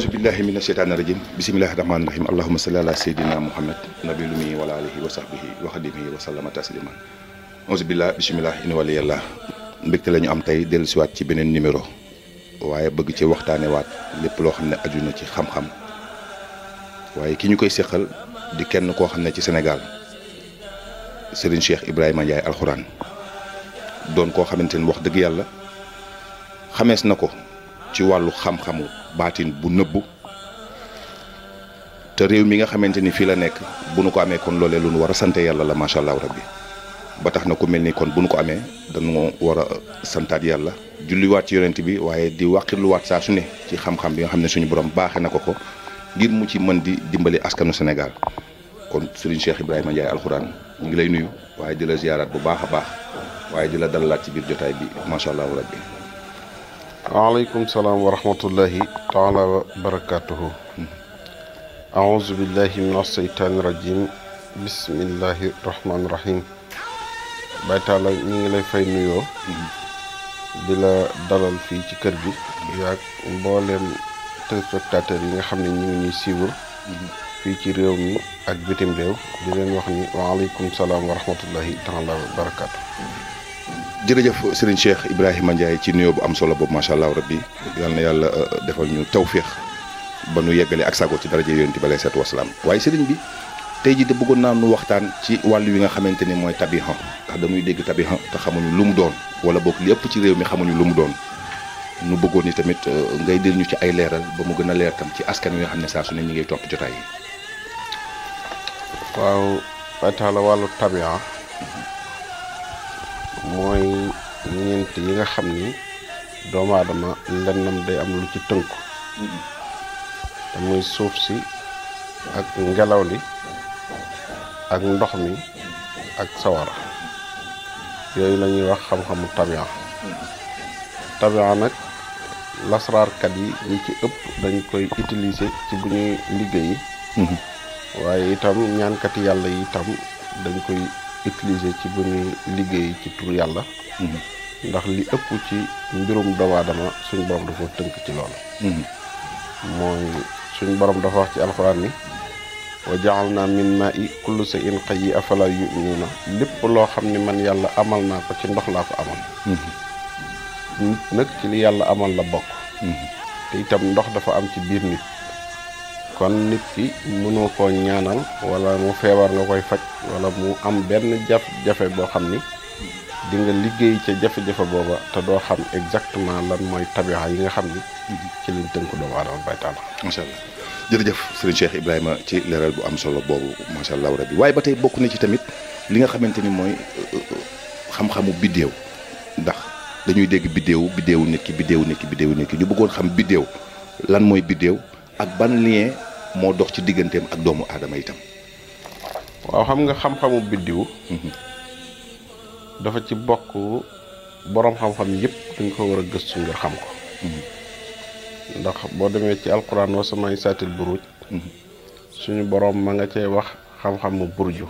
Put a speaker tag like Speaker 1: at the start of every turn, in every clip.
Speaker 1: aouzu billahi mina sheytaani rajim bisimilahi rahmaani rahim ala seydina muhammad nabilumi wala wa sahbihi wa xadimihi wa sallama taslima aouzu bisimilah in wala yàlla mbégte la am tey dellu siwaat ci beneen numéro waaye bëgg ci waxtaane waat lépp loo xam ne aju na ci xam-xam waaye ki ñu koy séqal di kenn koo xam ne ci Sénégal Serigne Cheikh Ibrahima Ndiaye alxuraan doon koo xamante ni wax dëgg yàlla xamees na ko ci wàllu xam-xamu baatin bu nëbbu te réew mi nga xamante ni fii la nekk bu nu ko amee kon loole lu nu war a sante yàlla la macha allah rabbi ba tax na ku mel ni kon bu nu ko amee dañu war a santaat yàlla julliwaat ci yonent bi waaye di wàqirluwaat saa su ne ci xam-xam bi nga xam ne suñu borom baaxee na ko ko ngir mu ci mën di dimbali askanu Sénégal kon Serigne Cheikh Ibrahima Ndiaye alxuraan ñu ngi lay nuyu waaye di la ziyaaraat bu baax a baax waaye di la dalalaat ci biir jotaay bi macha allah rabbi waaleykum salaam
Speaker 2: wa rahmatullahi taala wa barakaatuhu aouzu billahi min aseytaani rajim bismillahi rahmaani rahim Baye Talla ñu ngi lay fay nuyoo di la dalal fii ci kër gi yaag mbooleem téléspectateurs yi nga xam ne ñu ngi ñuy siiwul fii ci réew mi ak bitim réew di leen wax ni waaleykum salaam wa rahmatullahi taala wa barakaatu
Speaker 1: jërëjëf Serigne Cheikh Ibrahima Ndiaye ci nuyoo bu am solo boobu macha allah rabbi yal na yàlla euh, defal ñu tawféex ba nu yeggalee ak sago ci daraja yonent bi alayhi salaatu wasalaam waaye Serigne bi tey jii de bëggoon naa nu waxtaan ci wàll wi nga xamante ni mooy tabihan ndax dañuy dégg tabihan te xamuñu lu mu doon wala boog li ëpp ci réew mi xamuñu lu mu doon nu bëggoon ni tamit euh, ngay dil ñu ci ay leeral ba mu gën a leer tam ci askan wi xam ne saa su ne ñu ngi topp jotaay yi.
Speaker 2: wàllu tabihan. mooy ñeent yi nga xam ni doomu aadama lennam day am lu ci tënku te muy suuf si ak ngelaw li ak ndox mi ak sawara yooyu lañuy wax xam-xamu tabia tabian nag lasraarkat yi ñi ci ëpp dañ koy utiliser ci bu ñuy liggéey mm-hmm. waaye itam ñaankati yàlla yi itam dañ koy utiliser ci bu ñuy liggéey ci tur yàlla. Mm-hmm. ndax li ëpp ci mbirum doomu aadama suñu borom dafa tënk ci loolu. Mm-hmm. borom dafa wax ci alxuraan yi wa jaxal naa min maa i kullu sa in xëy yi afala yuminuuna lépp loo xam ne man yàlla amal naa ko ci ndox laa ko amal.
Speaker 1: Mm-hmm.
Speaker 2: nag ci li yàlla amal la bokk. te itam ndox dafa am ci biir nit. kon nit ki mënoo koo ñaanal wala mu feebar nga koy faj wala mu am benn jafe-jafe boo xam ni di nga liggéey ca jafe-jafe booba te doo xam exactement lan mooy tabixa yi nga xam ni
Speaker 1: ci lañ tënku doomu aadama baytaal macha allah jërëjëf sëriñ Cheikh ci leeral bu am solo boobu macha allah rabbi waaye ba bokk na ci tamit li nga xamante ni mooy euh, euh, xam-xamu biddéew ndax dañuy dégg biddéew biddéewu nit ki biddéewu nit ki biddéewu nit ki ñu bëggoon xam biddéew lan mooy biddéew ak ban lien moo dox ci digganteem ak doomu aadama yi tam waaw xam nga xam-xamu biddiw. Mhm. dafa
Speaker 2: ci bokk boroom xam-xam yëpp dañ ko war a gëstu ngir xam ko. Mhm. ndax boo demee ci alquran wa samay saatil buruj mhm. suñu boroom ma nga cee wax xam-xamu burju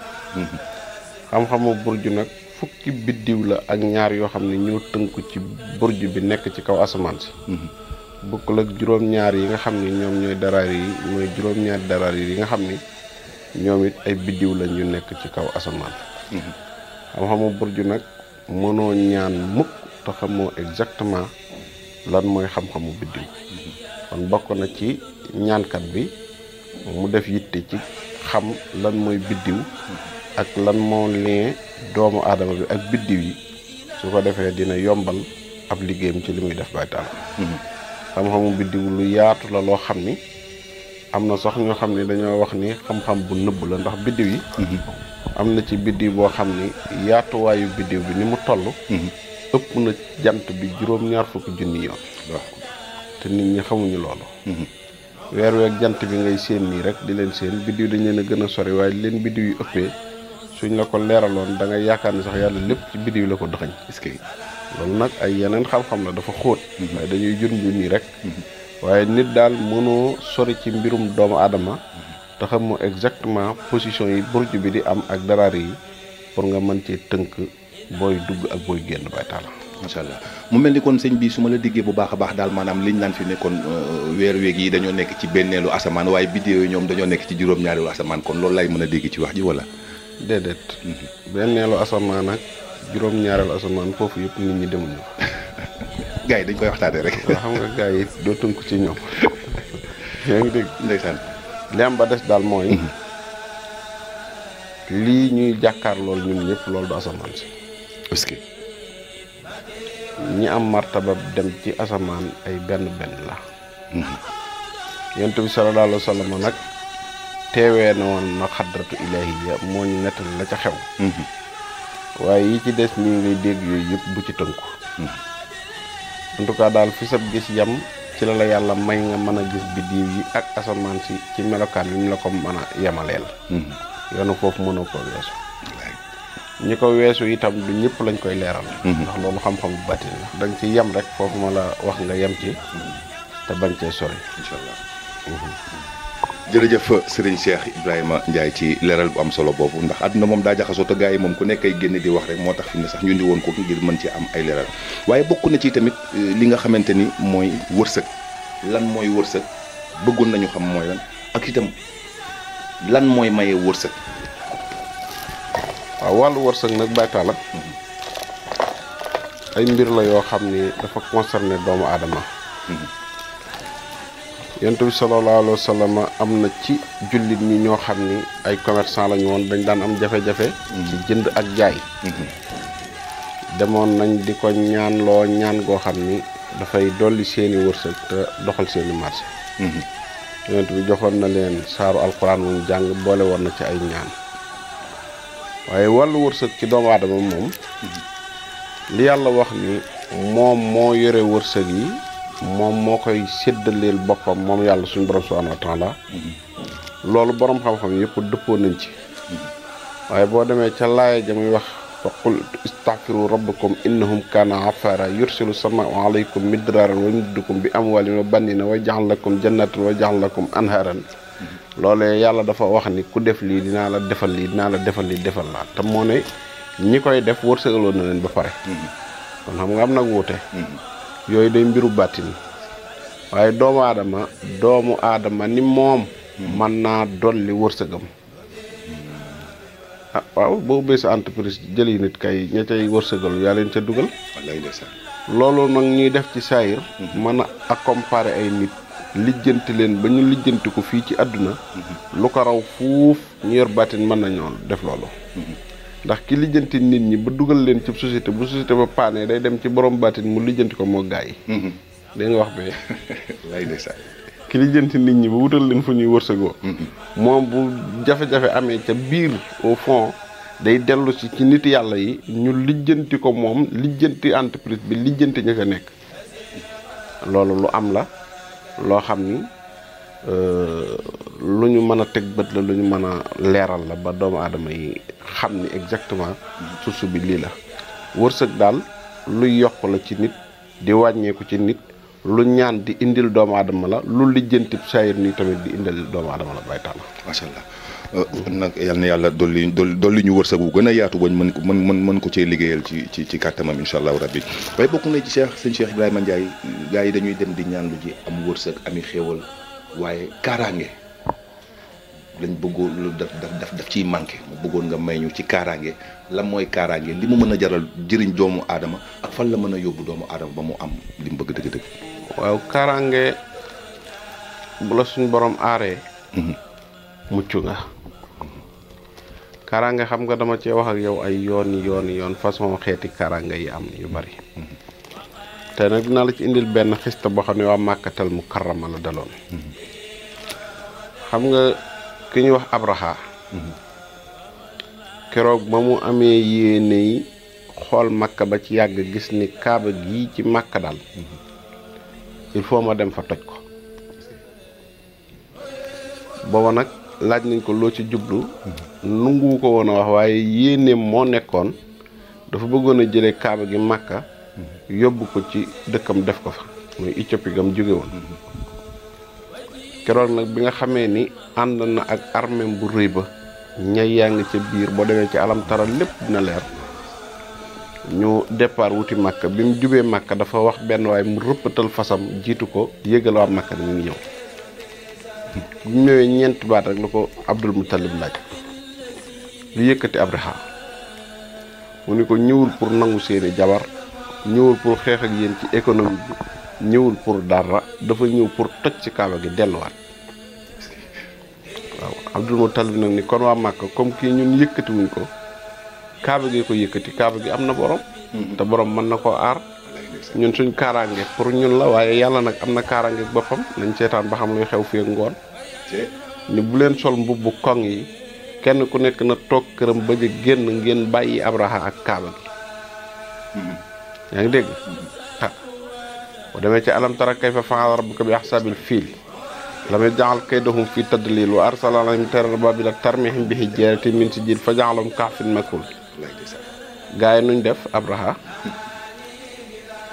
Speaker 2: xam-xamu burju nag fukki biddiw la ak ñaar yoo xam ne ñoo tënku ci burju bi nekk ci kaw asamaan si bokkul ak juróom-ñaar yi nga xam ni ñoom ñooy dara yi mooy juróom-ñaar daraar yi nga xam ni ñoom it ay biddiw lañ yu nekk ci kaw asamaan. Mhm. xam-xamu burju nag mënoo ñaan mukk te xamoo exactement lan mooy xam-xamu biddiw mhm. kon bokk na ci ñaankat bi mu def yitte ci xam lan mooy biddiw ak lan moo lien doomu aadama bi ak biddiw yi su ko defee dina yombal ab liggéeyam ci li muy def baytaan mhm. xam-xamu biddiw lu yaatu la loo xam ni am na sax ñoo xam ni dañoo wax ni xam-xam bu nëbb la ndax biddiw yi mm-hmm. am na ci biddiw boo xam ni yaatuwaayu biddiw bi ni mu toll mm-hmm. ëpp na jant bi juróom-ñaar fukki junni yoon te nit ñi xamuñu loolu mm-hmm. weer weeg jant bi ngay séen nii rek di leen séen biddiw dañ leen gën a sori waaye leen biddiw yu ëppee suñ la ko leeraloon da nga yaakaar ni sax yàlla lépp ci biddiw la ko dëxañ loolu nag ay yeneen xam-xam la dafa xóot waaye dañuy jur nii rek waaye nit daal mënoo sori ci mbirum doomu aadama te xamoo exactement
Speaker 1: position yi burju bi di am ak daraar yi pour nga mën cee tënk booy dugg ak booy génn bay taala macha allah mu mel ni kon sëñ bi su ma la diggee bu baax a baax daal maanaam liñ naan fi nekkoon euh, weer weeg yi dañoo nekk ci benneelu asamaan waaye biddew yi ñoom dañoo nekk ci juróom-ñaareelu asamaan kon loolu lay mën a dégg ci wax ji wala déedéet mm-hmm. benneelu asamaan ak juróom-ñaaral
Speaker 2: asamaan foofu yëpp nit ñi demuñu gaa yi dañ koy waxtaanee rek. waaw xam nga gaa yi doo tënku ci ñoom. yaa ngi dégg ndeysaan li am ba des daal mooy. Mhm. lii ñuy jàkkaar lool ñun ñëpp loolu du asamaan si. que ñi am martaba dem ci asamaan ay benn benn la. Mhm. yonent bi sallallahu alayhi wa sallam nag teewee na woon na xadratu ilaahiya moo ñu nettal la ca xew. Mhm. waaye yi ci des nii ngay dégg yooyu yëpp bu ci tënku hmm. en tout daal fi sab gis yam ci la la yàlla may nga mën a gis biddiw yi ak asamaan si ci melokaan yi mu la ko mën a yemaleel hmm. yoonu foofu mënoo ko weesu ñi ko weesu itam du ñëpp lañ koy leeral hmm. ndax loolu xam-xam bu bàtin la ci yem rek foofu ma la wax nga yem ci te bañ cee sori
Speaker 1: jërëjëf Serigne Cheikh Ibrahima Ndiaye ci leeral bu am solo boobu ndax àdduna moom daa jaxasoo te gars moom ku nekk ay génn di wax rek moo tax fi ne sax ñu ndi woon ko ngir mën ci am ay leeral waaye bokku na ci tamit euh, li nga xamante ni mooy wërsëg lan mooy wërsëg bëggoon nañu xam mooy lan ak itam lan mooy maye wërsëg. waaw wàllu wërsëg nag baytaa la mm-hmm.
Speaker 2: ay mbir la yoo xam ne dafa concerné doomu aadama. Mm-hmm. yonent bi sallallahu alayhi wa am na ci jullit ñi ñoo xam ni ay commerçant la ñu woon dañ daan am jafe-jafe ci mm-hmm. jënd ak jaay
Speaker 1: mm-hmm.
Speaker 2: demoon nañ di ko ñaan loo ñaan goo xam ni dafay dolli seeni wërsëg te doxal seeni marché mm-hmm. yonent bi joxoon na leen saaru alxuraan moom jàng boole woon na ci ay ñaan waaye wàllu wërsëg ci doomu aadama moom li yàlla wax ni moom moo yore wërsëg yi moom moo koy séddaleel boppam moom yàlla suñu borom subhanahu wa la loolu boroom xam-xam yëpp dëppoo nañ ci waaye boo demee ca laaya ja muy wax fa qul istaghfiru rabbakum innahum kaana ghaffara yursilu samaa alaykum midraaran wa yumdidukum bi amwaalin wa banina wa yaj'al lakum jannatin wa yaj'al lakum anhaaran loolee yàlla dafa wax ni ku def lii dinaa la defal lii dinaa la defal lii defal laa te moo ne ñi koy def wërsëgaloo na leen ba pare kon xam nga yooyu day mbiru bàttin waaye doomu aadama doomu aadama ni moom mën naa dolli wërsëgam ah waaw boo ubbee sa entreprise jëli nit kay ña cay wërsëgalu yaa leen ca dugal loolu nag ñuy def ci saayir mën a accompagner ay nit lijjanti leen ba ñu lijjanti ko fii ci àdduna mm-hmm. lu ko raw fuuf ñu yor bàttin mën nañoo def loolu mm-hmm. ndax ki lijjanti nit ñi ba dugal leen ci société bu société ba paanee day dem ci borom baatin mu lijjanti ko moo gaa yi. Mhm. dégg nga wax bee. lay ndeysaan. ki lijjanti nit ñi ba wutal leen fu ñuy wërsëgoo. Mhm. moom bu jafe-jafe amee ca biir au fonds day dellu si ci nit yàlla yi ñu lijjanti ko moom lijjanti entreprise bi lijjanti ña ca nekk. loolu lu am la loo xam ni. Euh, lu ñu mën a teg bët la lu ñu mën a leeral la ba doomu aadama yi xam ni exactement source bi lii la wërsëg daal luy yokk la ci nit di wàññeeku ci nit lu ñaan di indil doomu aadama la lu lijjanti saayir nii tamit di indil doomu aadama la bay taala macha allah
Speaker 1: euh, nag yal na yàlla dolli dolli ñu wërsëg bu gën a yaatu bañ mën ko mën mën mën ko cee liggéeyal ci ci ci kàttamam incha allahu rabbi waaye bokk na ci Cheikh sëñ Cheikh Ibrahima Ndiaye gars yi dañuy dem di ñaan lu ji am wërsëg ami xéewal waaye kaaraange lañ bëggoon lu daf daf daf ciy manqué mu bëggoon nga may ñu ci kaaraange lan mooy kaaraange li mu mën a jaral jëriñ doomu aadama ak fan la mën a yóbbu doomu aadama ba mu am li mu bëgg dëgg-dëgg. waaw kaaraange bu la suñ borom aaree. Mhm. mucc nga.
Speaker 2: kaaraange xam nga dama cee wax ak yow ay yoon yoon yoon façon xeeti kaaraange yi am yu bari. Mhm. tey nag dinaa la ci indil benn xista boo xam ne waa màkkatal mu karama la daloon xam nga ki ñuy wax abraha keroog ba mu amee yéene xool màkka ba ci yàgg gis ni kaaba gii ci màkka daal il faut ma dem fa toj ko booba nag laaj nañ ko loo ci jublu nungu ko woon a wax waaye yéeneem moo nekkoon dafa bëggoon a jële kaaba gi màkka yóbbu ko ci dëkkam def ko fa muy Éthiopie gam jóge woon keroog nag bi nga xamee ni ànd na ak armeem bu rëy ba ñay yaa ngi ca biir boo demee ci alam tara lépp dina leer ñu départ wuti màkk bi mu jubee màkk dafa wax benn waay mu rëppatal fasam jiitu ko yëgal waa màkk ni ñu ñëw bu ñëwee ñeenti baat rek la ko Abdul Muttalib laaj lu yëkkati Abraha mu ni ko ñëwul pour nangu seeni jabar ñëwul pour xeex ak yéen ci économie bi ñëwul pour dara dafa ñëw pour toj ci kaaba gi delluwaat waaw Abdul Muttalib nag ni kon waa Màkka comme kii ñun yëkkatiwuñ ko kaaba gi ko yëkkati kaaba gi am na borom mm-hmm. te borom mën na ko aar ñun suñ kaaraange pour ñun la waaye yàlla nag am na kaaraange boppam nañ seetaan ba xam luy xew fi ak ngoon ni bu leen sol mbubb bu koŋ yi kenn ku nekk na toog këram ba ja génn ngeen bàyyi abraha ak kaaba gi mm-hmm. yaa ngi dégg ah demee ci alam tara kayfa fa'ala rabbuka bi ahsabil fiil lam yaj'al kaydahum fi tadlil wa arsala alayhim tayran ababila tarmihim bi hijaratin min sijil fa ja'alahum ka'sin makul gaa yi nuñ def abraha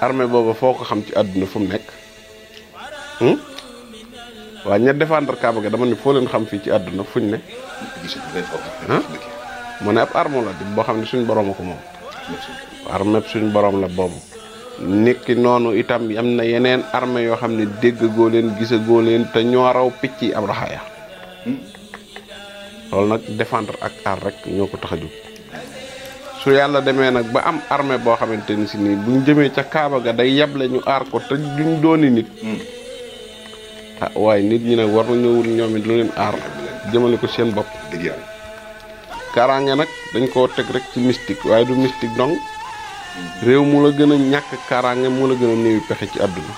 Speaker 2: armée booba foo ko xam ci àdduna fu mu nekk hmm? waaw ña défendre Kaaba ga dama ne foo leen xam fii ci àdduna fuñ ne mu ne ab arme la di boo xam ne suñ borooma ko moom armée suñ borom la boobu nekki noonu itam am na yeneen armée yoo xam ne déggagoo leen gisagoo leen te ñoo raw picc yi ab raxaya loolu nag défendre ak aar rek ñoo ko tax a jóg su yàlla demee nag ba am armée boo xamante ni si nii buñ jëmee ca Kaaba ga day yeble ñu aar ko te duñ dooni nit hmm. ah waaye nit ñi ne war nañoo wut ñoom it lu jëmale ko seen bopp kaaraange nag dañ koo teg rek ci mistik waaye du mystique dong réew mu la gën a ñàkk kaaraange moo la gën a néewi pexe ci àdduna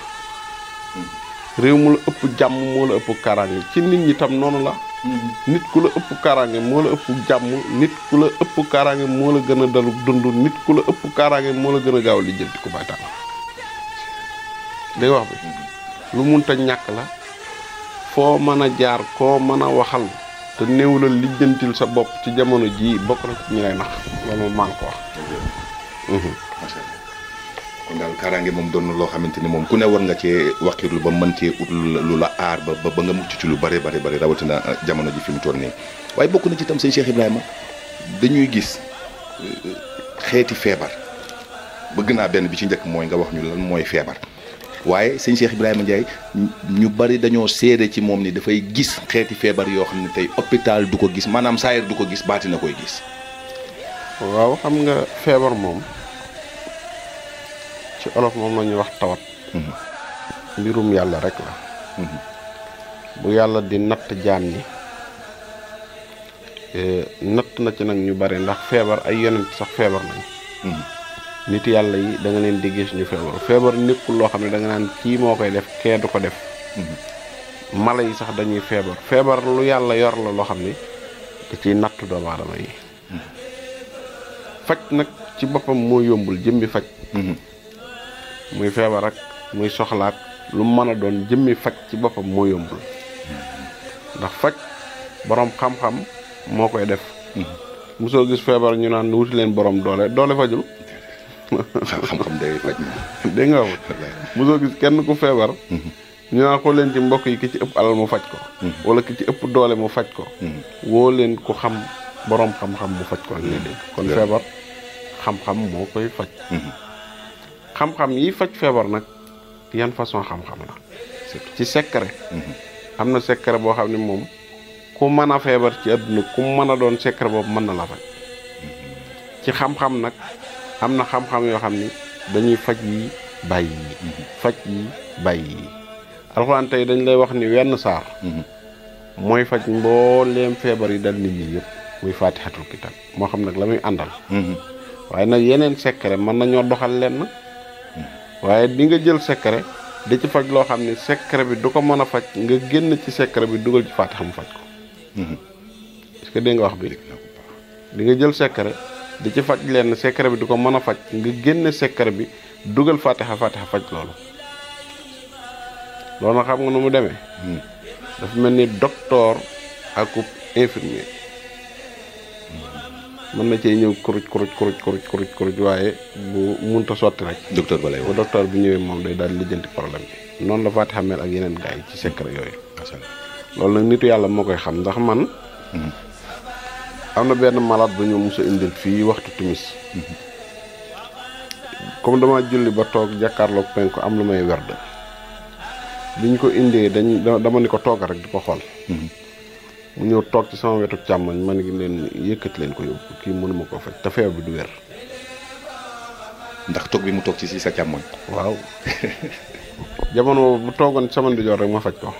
Speaker 2: réew mu la ëpp jàmm moo la ëpp kaaraange ci nit ñi tam noonu la nit ku la ëpp kaaraange moo la ëpp jàmm nit la ëpp kaaraange moo la gën a dalu dund nit ku la ëpp kaaraange moo la gën a gaaw li jënti ko baytaan dégg wax bi lu munta ñàkk la foo mën a jaar koo mën a waxal te néew la lijjantil sa bopp ci jamono jii bokk na ci ñi lay nax loolu maa ngi ko wax
Speaker 1: kon daal kaaraange moom doon na loo xamante ni moom ku ne war nga cee wakiirlu ba mën cee ut lu la aar ba ba nga mucc ci lu bare bare bare rawatina ah, jamono ji fi mu toll nii waaye bokk na ci tam sëñ Cheikh Ibrahima dañuy gis eh, xeeti feebar bëgg naa benn bi ci njëkk mooy nga wax ñu lan mooy feebar waaye sëñ Cheikh Ibrahima Ndiaye ñu bari dañoo seede ci moom ni dafay gis xeeti feebar yoo xam ne tey hôpital du ko gis maanaam saayir du ko gis baati na koy gis.
Speaker 2: waaw xam nga feebar moom. ci olof moom la ñuy wax tawat. Mhm. mbirum yàlla rek la. Mhm. bu yàlla di natt jaam ñi eh, natt na ci nag ñu bari ndax feebar ay yonent sax feebar nañ mhm. nit yàlla yi da leen di gis ñu feebar feebar nekkul loo xam ne da nga naan kii moo koy def kee du ko def. mala yi sax dañuy feebar feebar lu yàlla yor la loo xam ni da ciy natt doomu aadama yi. faj nag ci boppam moo yombul jëmbi faj. muy feebar ak muy soxlaat lu mën a doon jëmmi faj ci boppam moo yombul ndax faj boroom xam-xam moo koy def mosoo gis feebar ñu naan wuti leen borom doole doole fajul xam gis kenn ku feebar mhm. ñu naan ko leen ci mbokk yi ki ci ëpp alal mu faj ko mhm. wala ki ci ëpp doole mu faj ko mhm. woo leen ku xam boroom xam-xam mu faj ko nga dégg kon feebar xam-xam moo koy faj xam-xam yi faj feebar nag yan façon xam-xam la ci secret mm-hmm. am na secret boo xam ne moom ku mën a feebar ci àdduna ku mën a doon secret boobu mën na la faj mm-hmm. ci xam-xam nag am na xam-xam yoo xam ni dañuy faj yi bàyyi mm-hmm. faj yi bàyyi yi alxuraan dañ lay wax ni wenn saar mooy faj mbooleem feebar yi dal nit ñi yëpp muy faatixatul kitaab moo xam nag la muy àndal waaye nag yeneen secret mën nañoo doxal lenn waaye di nga jël secret di ci faj loo xam ne secret bi du ko mën a faj nga génn ci secret bi dugal ci faatixa mu faj ko mhm. est-ce nga wax bi di nga jël secret di ci faj lenn secret bi du ko mën a faj nga génn secret bi dugal faatixa faatixa faj loolu loolu na xam nga nu mu demee mhm. dafa mel ni docteur ak infirmier mën na cee ñëw kuruj kuruj kuruj kuruj kuruj kuruj waaye bu munta sotti rek docteur ba lay bu docteur bi ñëwee moom day daal di lijjanti problème bi noonu la faati xamel ak yeneen gars yi ci secret yooyu loolu nag nitu yàlla moo koy xam ndax man mhm. am na benn malaat bu ñu mos a indil fii waxtu timis comme dama julli ba toog jàkkaarloog penku am lu may werd bi ñu ko indee dañ dama ni ko tooga rek di ko xool mhm. mu ñëw toog ci sama wetu càmmoñ ma ne leen yëkkati leen ko yóbbu kii mënuma ko faj te feebar bi du wér.
Speaker 1: ndax toog bi mu toog ci si sa càmmoñ.
Speaker 2: waaw jamono bu toogoon sama ndijoor rek ma faj ko.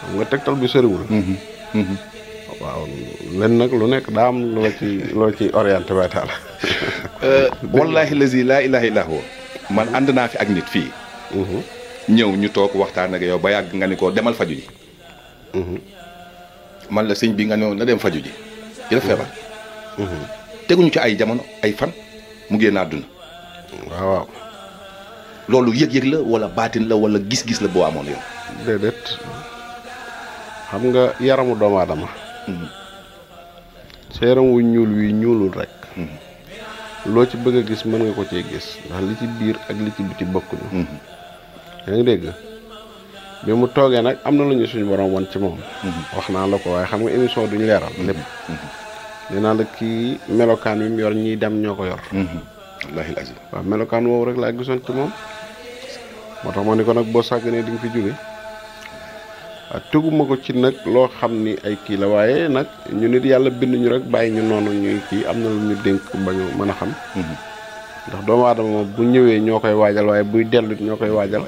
Speaker 1: xam nga tegtal bi soriwul. Mhm, mhm.
Speaker 2: waaw nag lu nekk daa am loo ci ci orienté waay taala.
Speaker 1: Euh, wallaahi lazi laa ilaaha illaa huwa man ànd naa fi ak nit fii. Mhm. ñëw ñu toog waxtaan ak yow ba yàgg nga ni ko demal faju yi Mm-hmm. man la sëñ bi nga ne na dem faju ji ci la feebar mm-hmm. teguñu ci ay jamono ay fan mu génn àdduna waaw waaw loolu yëg-yëg la wala baatin la walla gis-gis la boo amoon yow déedéet xam nga yaramu doomu aadama
Speaker 2: mm-hmm. sa yaram wu ñuul wi ñuulul rek loo ci bëgg a gis mën nga ko cee gis ndax li ci biir ak li ci biti bokkuñu yaa ngi dégg bi mu toogee nag am na lu ñu suñu borom won ci moom. Mhm. wax naa la ko waaye xam nga émission duñu leeral lépp. Mhm. Mhm. nee naa la kii melokaan bi mu yor ñiy dem ñoo ko yor. wallaahi lazim waaw melokaan woowu rek laa gisoon ci moom. moo tax ma ne ko nag boo sàgganee di nga fi jóge ak ko ci nag loo xam ni ay kii la waaye nag ñu nit yàlla bind ñu rek bàyyi ñu noonu ñuy kii am na lu ñu dénk ba ñu mën a xam. ndax doomu aadama bu ñëwee ñoo koy waajal waaye buy dellu ñoo koy waajal.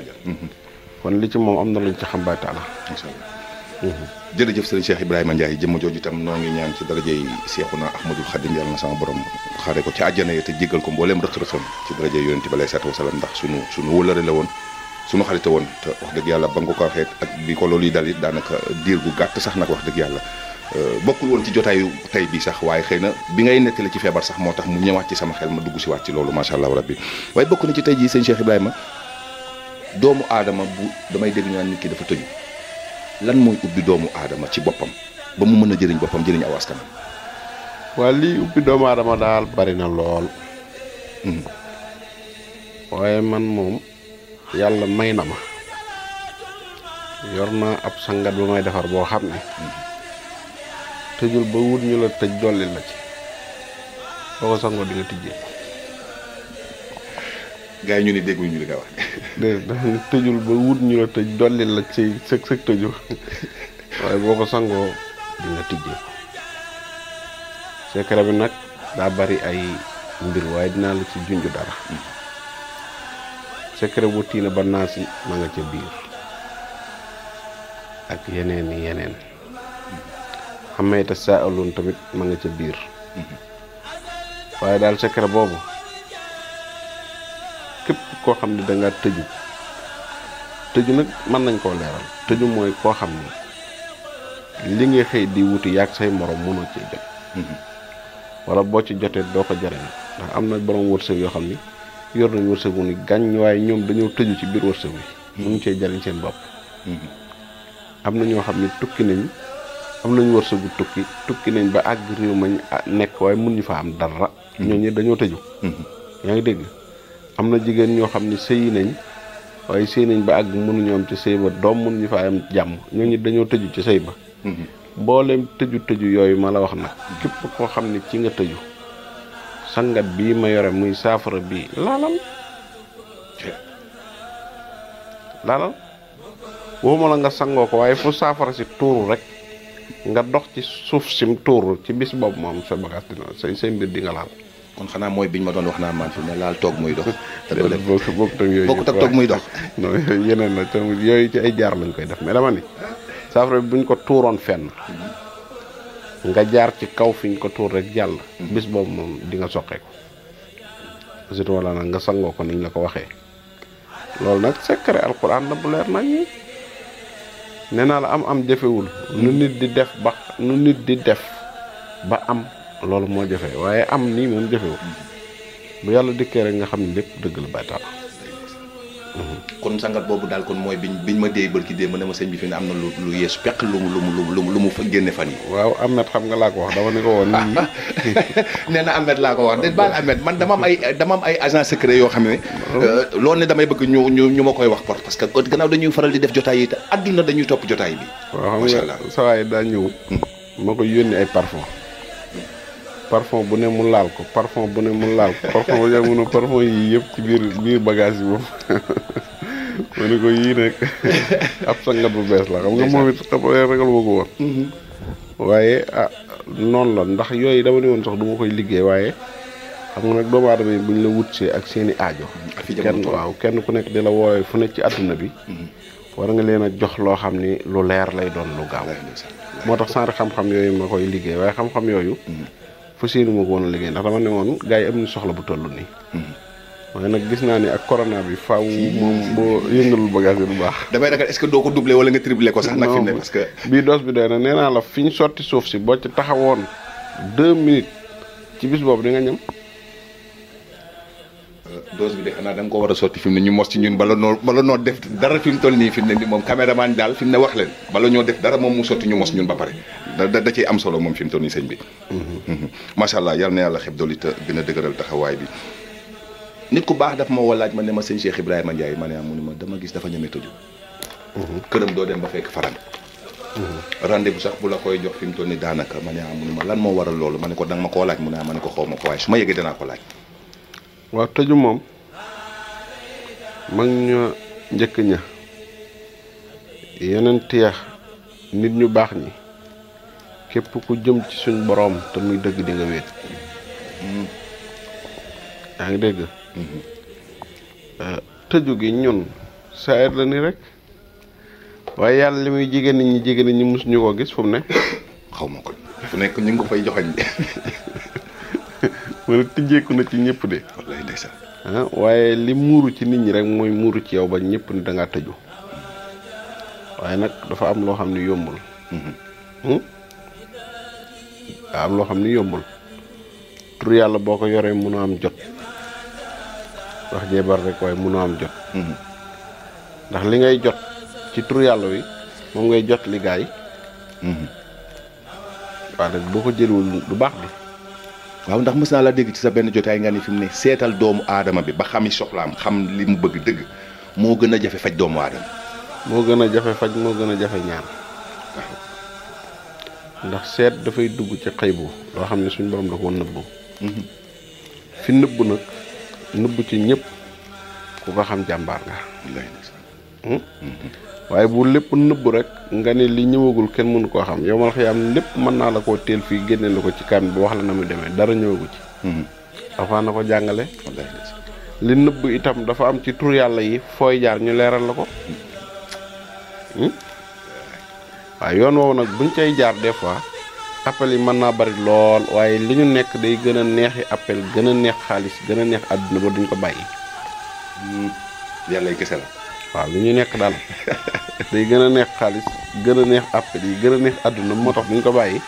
Speaker 1: kon li ci moom am na luñ ci xam baay taala a allah jërëjëf sëriñ Cheikh Ibrahima Ndiaye jëmm jooju itam noo ngi ñaan ci darajey Seexuna Ahmadul Xadim yàlla na sama borom xaare ko ci àjjana yi te jéggal ko mbooleem rëq-rëqam ci darajey yonente bi alayhi salaatu wasalaam ndax sunu sunu woon sunu xarite woon te wax dëgg yàlla ba nga ko waxee ak bi ko loolu yi dal it daanaka diir gu gàtt sax nag wax dëgg yàlla euh, bokkul woon ci jotaayu tey bi sax waaye xëy na bi ngay nettali ci feebar sax moo tax mu ñëwaat ci sama xel ma dugg si waat loolu macha allah rabbi waaye bokk na ci tey jii sëñ Cheikh Ibrahima doomu aadama bu damay dégg ñu naan dafa tëju lan mooy ubbi doomu aadama ci boppam ba mu mën a jëriñ boppam jëriñ aw askanam
Speaker 2: waa lii ubbi doomu aadama daal bari na lool hmm. waaye man moom yàlla may na ma yor naa ab sangat bu may defar boo xam ne hmm. tëjul ba wut ñu la tëj dolli la ci boo ko sangoo di tijjee
Speaker 1: gaa yi ñu ne dégguñu
Speaker 2: tëjul ba wut ñu la tëj dolli la ci sëg boo ko sangoo di bi nag daa bari ay mbir waaye dinaa la ci junj dara secret bu tiina ba naa si ma nga ca biir ak yeneen yeneen xamee te saa aloon tamit ma nga ca biir mm-hmm. waaye daal secret boobu. koo xam ne da ngaa tëju tëju nag mën nañ koo leeral tëju mooy koo xam ne li ngay xëy di wuti yaag say morom mënoo cee jot mm-hmm. wala boo ci jotee doo ko jariñ ndax am na boroom wërsëg yoo xam ni yor nañ wërsëg wu ni gàññ waaye ñoom dañoo tëju ci biir wërsëg mu mënu cee jariñ seen bopp mm-hmm. am na ñoo xam ne tukki nañ am nañ wërsëgu tukki tukki nañ ba àgg réew mañ ah, nekk waaye mun ñu fa am dara mm-hmm. ñooñu dañoo tëju yaa ngi dégg am na jigéen ñoo xam ne sëyi nañ waaye sëy ba ak mënuñoo am ci sëy ba doom mënuñu fa am jàmm ñooñu dañoo tëju ci sëy ba. Mm-hmm. mbooleem tëju tëju yooyu ma la wax nag. képp koo xam ne ci nga tëju sangat bii ma yore muy saafara bii laalal. laalal waxuma la nga sangoo ko waaye fu saafara si tuuru rek nga dox ci suuf sim tuuru ci bis boobu moom sa bagaas dina say say mbir di nga laal. kon xanaa mooy biñ ma doon wax naa maan fi ne laal toog muy dox. bokkut ak yooyu bokkut ak toog muy dox non yeneen la te yooyu ci ay jaar lañ koy def mais dama ni saafara bi buñ ko tuuroon fenn nga jaar ci kaw fi ñu ko tuur rek jàll bis boobu moom di nga soqe ko surtout wala nag nga sangoo ko niñ la ko waxee loolu nag secret alxuraan la bu leer nañ nee naa la am am jafewul nu nit di def ba nu nit di def ba am loolu moo jafe waaye am nii moom jafewul bu yàlla dikkee rek nga xam ne lépp dëgg la baytaal
Speaker 1: kon sangat boobu daal kon mooy biñ biñ ma dee bërki dee ma ne ma sëñ bi fi ne am na lu lu yeesu peq lu mu lu mu lu lu mu fa génne fan yi. waaw Ahmed xam nga laa ko wax dama ni ko woon. ne na Ahmed laa ko wax de baal Ahmed man dama am ay dama ay agent secret yoo xam ne. Euh, loolu ne damay bëgg ñu ñu ñu ma koy wax por parce que gannaaw dañuy faral di def jotaay yi te àdduna dañuy topp jotaay bi. macha allah waaw xam nga
Speaker 2: saa waay daa ñëw. Hmm. ma koy yónni ay parfum parfum bu ne mu laal ko parfum bu ne mu laal ko parfum bu ne mu ne parfum yii yëpp ci biir biir bagage yi moom ma ne ko yii nag ab sangat bu bees la xam nga moom it xabalee ragal ma ko woon mhm. waaye ah noonu la ndax yooyu dama ne woon sax du ma koy liggéey waaye xam nga nag doomu aadama yi bu ñu la wutsee ak seen i aajo kenn waaw kenn ku nekk di la woowee fu nekk ci àdduna bi mhm. war nga leen a jox loo xam ni lu leer lay doon lu gaaw moo tax sans xam-xam yooyu ma koy liggéey waaye xam-xam yooyu mhm. fas yéene moo ko woon a liggéey ndax dama ne woon gars yi am na soxla bu toll nii. Mm-hmm. waaye nag gis naa ni ak corona bi faaw moom boo yëngalul bagage bi du
Speaker 1: baax. damay ragal est-ce que doo ko doublé wala nga triplé ko sax. nag fi mu ne parce que.
Speaker 2: bii bi doy na nee la fi ñu sotti suuf si boo ci taxawoon deux minutes ci bis boobu di nga ñam.
Speaker 1: Euh, dose bi de xanaa da ko war a sotti fi ne ñu mos ci ñun bala noo bala noo def dara fi mu toll nii fi mu ne nii moom caméraman daal fi ne wax leen bala ñoo def dara moom mu sotti ñu mos ñun ba pare. da da ciy am solo moom fi mu toll sëñ bi. Mm-hmm. macha allah yal na yàlla xeb dolli te gën a dëgëral taxawaay bi. nit ku baax daf ma woo ma ne ma sëñ Cheikh Ibrahima Ndiaye ma ne mu ne ma dama gis dafa ñeme tëju. Mm-hmm. këram doo dem ba fekk faran.
Speaker 2: Mm-hmm.
Speaker 1: rendez sax bu la koy jox fi mu daanaka ma ne ma lan moo waral loolu ma ne ko danga ma koo laaj mu ne ma ne ko xaw ma ko waaye su ma yëgee danaa ko laaj.
Speaker 2: waaw tëju moom mag ñoo njëkk ña yeneen teex nit ñu baax ñi. képp ku jëm ci suñ boroom te muy dëgg di wéet yaa ngi dégg eh, tëju gi ñun saayir la ni rek waaye yàlla li jigéen nit ñi jigéen nit ñi mos ñu ne xaw ma
Speaker 1: nekk ñu ngi ko fay joxañ de
Speaker 2: mën a ñëpp de eh, waaye li muuru ci nit ñi rek mooy muuru ci yow ba ñëpp ni danga ngaa tëju waaye nag dafa am loo xam ne yombul mm-hmm. hmm? daa loo xam ni yombul tur yàlla boo ko yoree mënoo am jot wax jee bari rek waaye mënoo am jot mhm. ndax li ngay
Speaker 1: jot ci tur yàlla wi moom ngay jot li gaay mhm. waaw boo ko jëlwul lu baax bi ndax mës naa la dégg ci sa benn jotaay nga ni fi mu ne seetal doomu aadama bi ba xami soxlaam xam li mu bëgg dégg moo gën a jafe faj doomu aadama
Speaker 2: moo gën a jafe faj moo gën a jafe ñaan ndax seet dafay dugg ci xaybu loo xam ne suñu borom da ko nëbbu fi nëbbu nag nëbbu ci ñépp ku ko xam jàmbaar nga waaye bu lépp nëbbu rek nga ne li ñëwagul kenn mënu koo xam yow mal xiyaam lépp mën naa la koo teel fii génne la ko ci kaam bi wax la na muy demee dara ñëwagu ci dafa ko jàngale li nëbbu itam dafa am ci tur yàlla yi fooy jaar ñu leeral la ko waaye yoon woowu nag buñ cay jaar des fois appel yi mën naa bari lool waaye li ñu nekk day gën a neexi appel gën a neex xaalis gën a neex àdduna ba duñ ko bàyyi. Hmm. yàlla lay waaw li ñu nekk daal day gën a neex xaalis gën neex appel yi gën àdduna moo tax duñ ko bàyyi.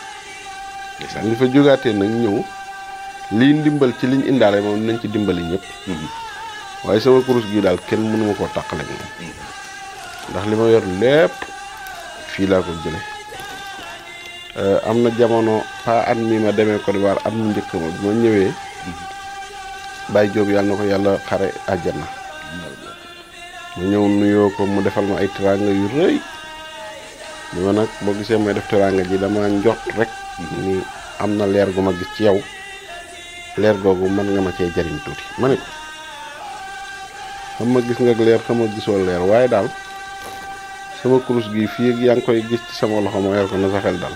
Speaker 2: dañ fa jógaatee nag ñëw lii ndimbal ci liñ indaale moom nañ ci dimbali ñëpp. Hmm. waaye sama kurus gi daal kenn mënuma koo tàqale moom. Hmm. ndax li ma yor lépp. fii laa ko jële euh, am na jamono pas at mi ma demee Côte d'Ivoire at mu njëkk ma bi ma ñëwee Baye Diop yàlla na ko yàlla xare àjjana ma ñëw nuyoo ko mu defal ma ay teranga yu rëy li ma nag boo gisee may def teranga ji dama njot rek ni am na leer gu ma gis ci yow leer googu mën nga ma cee jariñ tuuti ma ne ko xam gis nga leer xam gisoo leer waaye daal sama kurus gi fii ak yaa ngi koy gis ci sama loxo ma yor ko na sa xel dal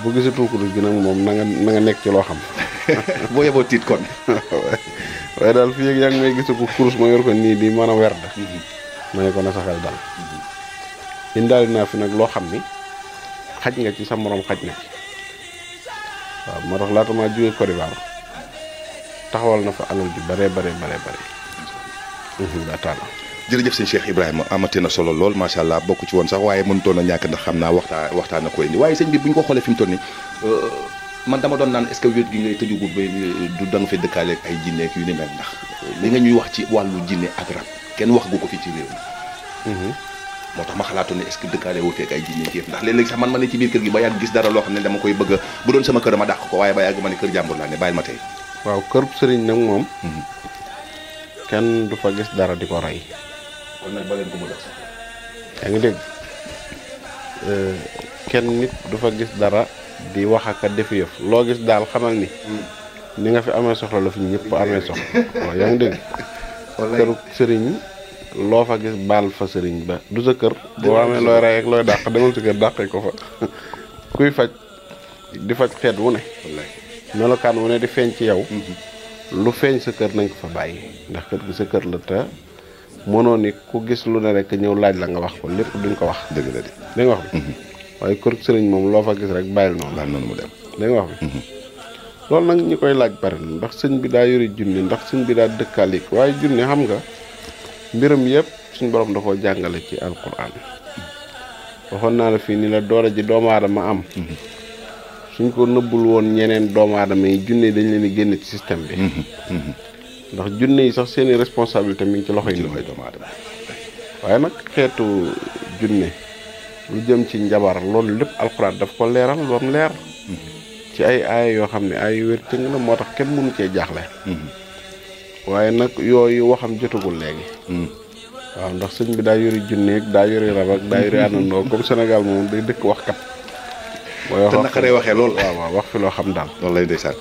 Speaker 2: bu gisatul kurus gi nag moom na nga nga nekk ci loo xam boo yeboo tiit kon waaye daal fii ak yaa may gisagu kurus ma yor ko nii di mën a werd ma ne ko na sa xel dal indaali naa fi nag loo xam ni xaj nga ci sa moroom xaj na ci waaw moo tax laata maa jóge Koribaar taxawal na fa alal ju bare bare bare bare
Speaker 1: jërëjëf sëñ Cheikh Ibrahima amati na solo lool macha allah bokk ci woon sax waaye mënutoon a ñàkk ndax xam naa waxtaa waxtaan na ko indi waaye sëñ bi bu ñu ko xoolee fi mu toll euh, man dama doon naan est-ce que wéet gi ngay tëju ba du da nga dëkkaale ak ay jinne ak yu ni ndax li nga ñuy wax ci wàllu jinne ak kenn wax gu ko fii ci réew mm-hmm. moo tax ma xalaatu ne est-ce que dëkkaale woo fekk ay jinne kéef ndax léeg-léeg sax man ma ne ci biir kër gi ba yàgg gis dara loo xam ne dama koy bëgg a bu doon sama kër ma dàq ko waaye ba yàgg ma ne kër
Speaker 2: waaw kër sëriñ nag mm-hmm. du fa gis di ko rey kon nag yaa ngi dégg euh, kenn nit du fa gis dara di wax ak a def yëf loo gis daal xamal ni hmm. ni nga fi amee soxla la fi ñëpp amee soxla waaw yaa ngi dégg këru sëriñ loo fa gis baal fa sëriñ ba du sa kër boo amee looy rey ak looy dàq demal sa kër dàqee ko fa kuy faj di faj xeet wu ne melokaan wu ne di feeñ ci yow hmm. lu feeñ sa kër nañ ko fa bàyyi ndax kër gi sa kër la te mënoo ni ku gis lu ne rek ñëw laaj la nga wax ko lépp duñ ko wax. dëgg la wax bi mhm. waaye kër sëriñ moom loo fa gis rek bàyyil noonu. bàyyil noonu mu dem da nga wax bi mhm. loolu nag ñi koy laaj bari ndax sëñ bi daa yore junni ndax sëñ bi daa dëkkaalik waaye junni xam nga mbiram yëpp suñ borom da koo jàngale ci alquran waxoon naa la fii ni la doole ji doomu aadama am. Mhm. suñ ko nëbbul woon ñeneen doomu aadama yi junne dañ leen di génne ci système bi. ndax junne yi sax seeni responsabilité mi ngi ci loxo yi loxoy waaye nag xeetu junne lu jëm ci njabar loolu lépp alxuraan daf ko leeral loom leer ci ay aaya yoo xam ne ay wér tëng la moo tax kenn mënu cee jaaxle waaye nag yooyu waxam jotagul léegi waaw ndax sëñ bi daa yori junneeg daa yori rab daa yori àndandoo comme senegal moom day dëkk wax kat
Speaker 1: mooy wax te naqaree waxee lool waaw waaw wax fi loo xam daal loolu lay ndeysaan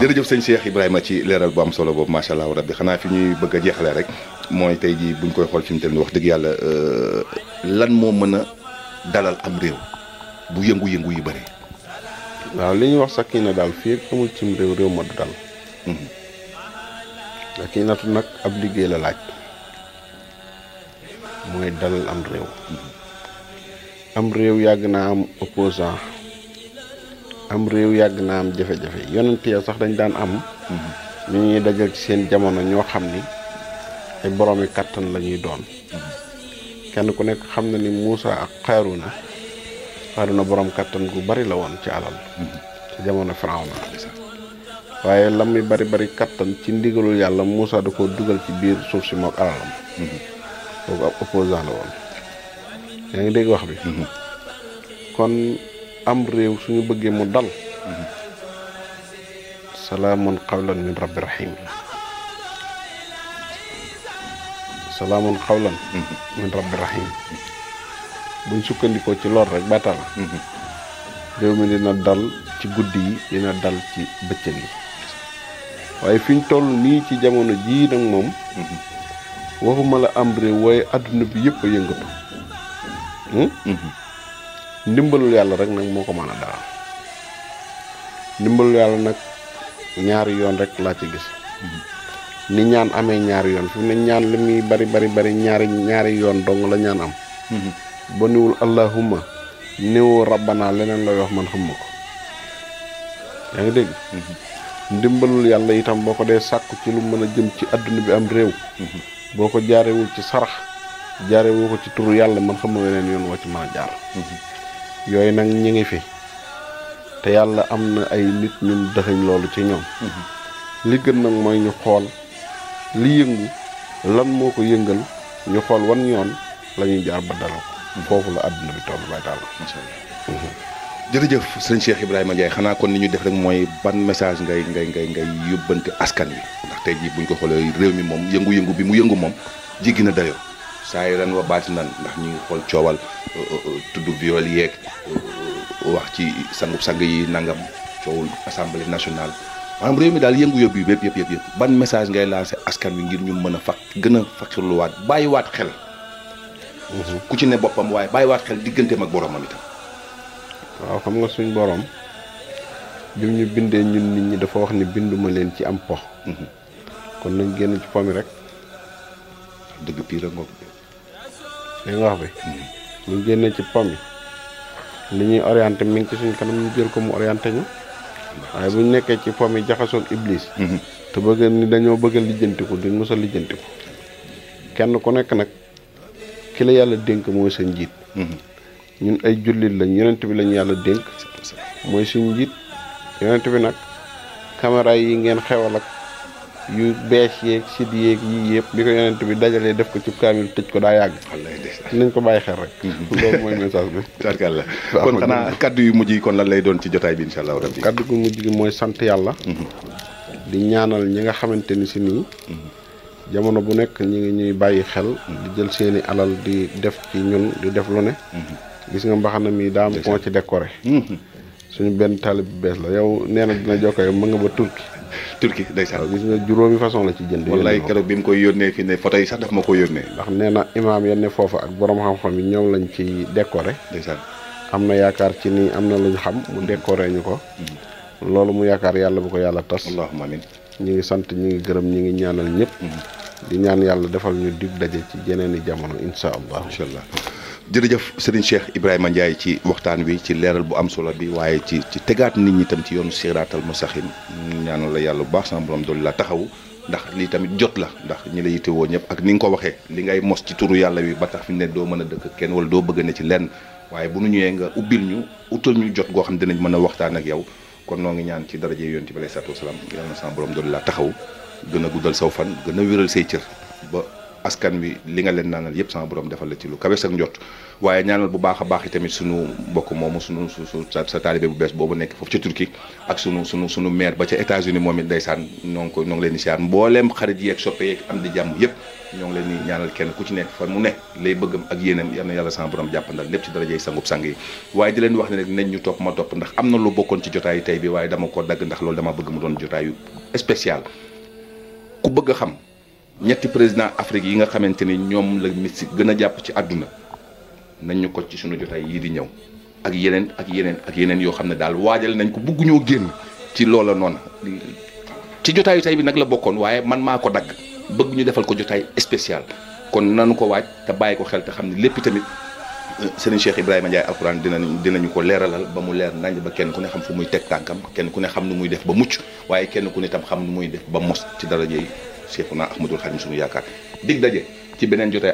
Speaker 1: jërëjëf sëñ Cheikh Ibrahima ci leeral bu am solo boobu macha allah bi xanaa fi ñuy bëgg a jeexalee rek mooy tey jii buñ koy xool ci mu toll nii wax dëgg yàlla euh, lan moo mën a dalal am réew yëngu-yëngu yu
Speaker 2: li ñuy wax sakki na fii amul cim réew réew ma du mhm. nag ab liggéey laaj. mooy dalal am réew. Mhm. am réew yàgg naa am opposant am réew yàgg naa am jafe-jafe yonent ya sax dañ daan am mm-hmm. ñu ñuy dajal ci seen jamono ñoo xam ni ay boroomi kàttan lañuy doon mm-hmm. kenn ku nekk xam na ni Muusa ak Xaaruna na boroom kàttan gu bari la woon ci alal mm-hmm. ci jamono Firawna waaye lam mi bari bari kàttan ci ndigalul yàlla Muusa da ko dugal ci biir suuf si mook alalam kooku ab opposant la woon yaa ngi dégg wax bi kon am réew suñu bëggee mu dal salaamun qawlan min rabbi rahim salaamun qawlan min sukkandikoo ci lool rek baatal réew mi dina dal ci guddi yi dina dal ci bëccëg yi waaye fi ñu toll nii ci jamono jii nag moom waxuma la am réew waaye àdduna bi yépp a yëngatu hmm? ndimbalul yàlla rek nag moo ko mën a daal ndimbalul yàlla nag ñaari yoon rek laa ci gis mm-hmm. ni ñaan amee ñaari yoon fi mu ne ñaan li muy bari bari bari ñaari ñaari yoon dong la ñaan am mm-hmm. ba niwul allahumma niwu rabbana leneen lay wax man xam ma ko yaa ngi dégg mm-hmm. ndimbalul yàlla itam boo ko dee sàkku ci lu mën a jëm ci àdduna bi am réew boo ko jaarewul ci sarax jaarewoo ko ci turu yàlla man xam ma weneen yoon woo ci mën a jaar yooyu nag ñi ngi fi te yàlla am na ay nit ñun dëxëñ loolu ci ñoom li gën nag mooy ñu xool li yëngu lan moo ko yëngal ñu xool wan yoon
Speaker 1: lañuy ñuy jaar ba dalal foofu la àdduna bi toll bay daal incha allah mhm. jërëjëf sëñ Cheikh Ibrahima Ndiaye xanaa kon li ñu def rek mooy ban message ngay ngay ngay ngay yóbbante askan wi ndax tey jii buñ ko xoolee réew mi moom yëngu-yëngu bi mu yëngu moom jéggi na dayoo saa yi ren wa baati nan ndax ñu ngi xool coowal euh, euh, euh, tudd viol yeeg wax ci sangu-sang yi nangam coowul assemblée nationale maanaam réew mi daal yëngu-yëngu yi yëpp yëpp yëpp yëpp ban message ngay lancé askan wi ngir ñu mën a faq gën a bàyyi waat xel. Mhm. ku ci ne boppam waaye bàyyiwaat xel digganteem ak boromam itam. waaw xam nga
Speaker 2: suñ boroom bi ñu bindee ñun nit ñi dafa wax ni binduma leen ci am pox. Mhm. kon nañ génn ci pomi rek. dégg nga wax bi ñu génnee ci pom li ñuy orienté mi ngi ci suñ kanam jël ko mu orienté ñu waaye bu ñu nekkee ci pom yi jaxasoog iblis mhm. te bëgg ni dañoo bëgg a lijjantiku duñ mos lijjantiku kenn ku nekk nag kilo yàlla dénk mooy sa njiit mhm. ñun ay jullit lañ yonent bi lañu yàlla dénk mooy suñ njiit yonent bi nag caméra yi ngeen xewal ak yu bees yeeg sid yeeg yii yëpp bi ko yonent bi dajalee def ko ci kaamil tëj ko daa yàgg nañ ko bàyyi xel rek mm-hmm. loolu mooy message bi tarkalla kon xanaa yu mujj yi kon lan lay doon ci jotaay bi insha allah rabbi kaddu gu mujj gi mooy sant yàlla mm-hmm. di ñaanal ñi nga xamante ni si nii mm-hmm. jamono bu nekk ñi ngi ñuy bàyyi xel di jël seeni alal di def ci ñun di def lu ne gis nga mbaxana mi daa am koo ci décoré suñu benn taalib bu bees la yow nee na dina jokkoo yow mën nga ba turki turki ndeysaan gis nga juróomi façon la ci jënd wallaay keroog
Speaker 1: bi mu koy yónnee fii ne photo yi sax daf ma ko
Speaker 2: yónnee ndax nee na imaam yenn foofa ak borom xam-xam yi ñoom lañ ci décoré ndeysaan am na yaakaar ci nii am na lu ñu xam mu mm-hmm. décoré ñu ko mm-hmm. loolu mu yaakaar yàlla bu ko yàlla tas allahumma amin ñu ngi sant
Speaker 1: ñu ngi gërëm ñu ngi ñaanal ñëpp mm-hmm. di ñaan yàlla defal ñu dig daje ci jeneen i jamono incha allah incha allah jërëjëf Serigne Cheikh Ibrahima Ndiaye ci waxtaan wi ci leeral bu am solo bi waaye ci ci tegaat nit ñi tam ci yoonu siraatal mustaqiim ñaanal la yàlla bu baax sama borom dool la taxawu ndax lii tamit jot la ndax ñi la yittewoo ñëpp ak ni nga ko waxee li ngay mos ci turu yàlla wi ba tax fi ne doo mën a dëkk kenn wala doo bëgg ne ci lenn waaye bu nu ñëwee nga ubbil ñu utal ñu jot goo xam dinañ mën a waxtaan ak yow kon noo ngi ñaan ci daraje yonent bi alayhi salaatu wasalaam yàlla na borom dool la taxaw gën a guddal saw fan gën a wéral say cër askan wi li nga leen naanal yëpp sama borom defal la ci lu kawe sa njot waaye ñaanal bu baax a baax i tamit sunu mbokk moomu sunu su su sa taalibe bu bees boobu nekk foofu ci Turquie ak sunu sunu sunu maire ba ca États-Unis moom it ndeysaan ñoo ngi ko ñoo leen di siyaar mbooleem xarit soppe yeeg am di jàmm yëpp ñoo ñaanal kenn ku ci nekk fan mu ne lay bëggam ak yéenam yal yàlla sama borom jàppandal lépp ci darajey sangub sang yi waaye di leen wax ne rek nañ ñu topp ma topp ndax am na lu bokkoon ci jotaayu tey bi waaye dama ko dagg ndax loolu dama bëgg mu doon jotaayu spécial ku bëgg xam ñetti président Afrique yi nga xamante ni ñoom la mystique gën a jàpp ci àdduna nañ ñu ko ci suñu jotaay yii di ñëw ak yeneen ak yeneen ak yeneen yoo xam ne daal waajale nañ ko bugg génn ci loola noonu ci jotaayu tey bi nag la bokkoon waaye man maa ko dagg bëgg ñu defal ko jotaay spécial kon nanu ko waaj te bàyyi ko xel te xam ne lépp tamit euh, Serigne Cheikh Ibrahima Ndiaye alxuraan dinañ dinañu ko leeralal ba mu leer nañ ba kenn ku ne xam fu muy teg tànkam kenn ku ne xam nu muy def ba mucc waaye kenn ku ne tam xam nu muy def ba mos ci daraja yi Cheikhouna Ahmadoul Khadim suñu yaakaar dig daje ci beneen jotaay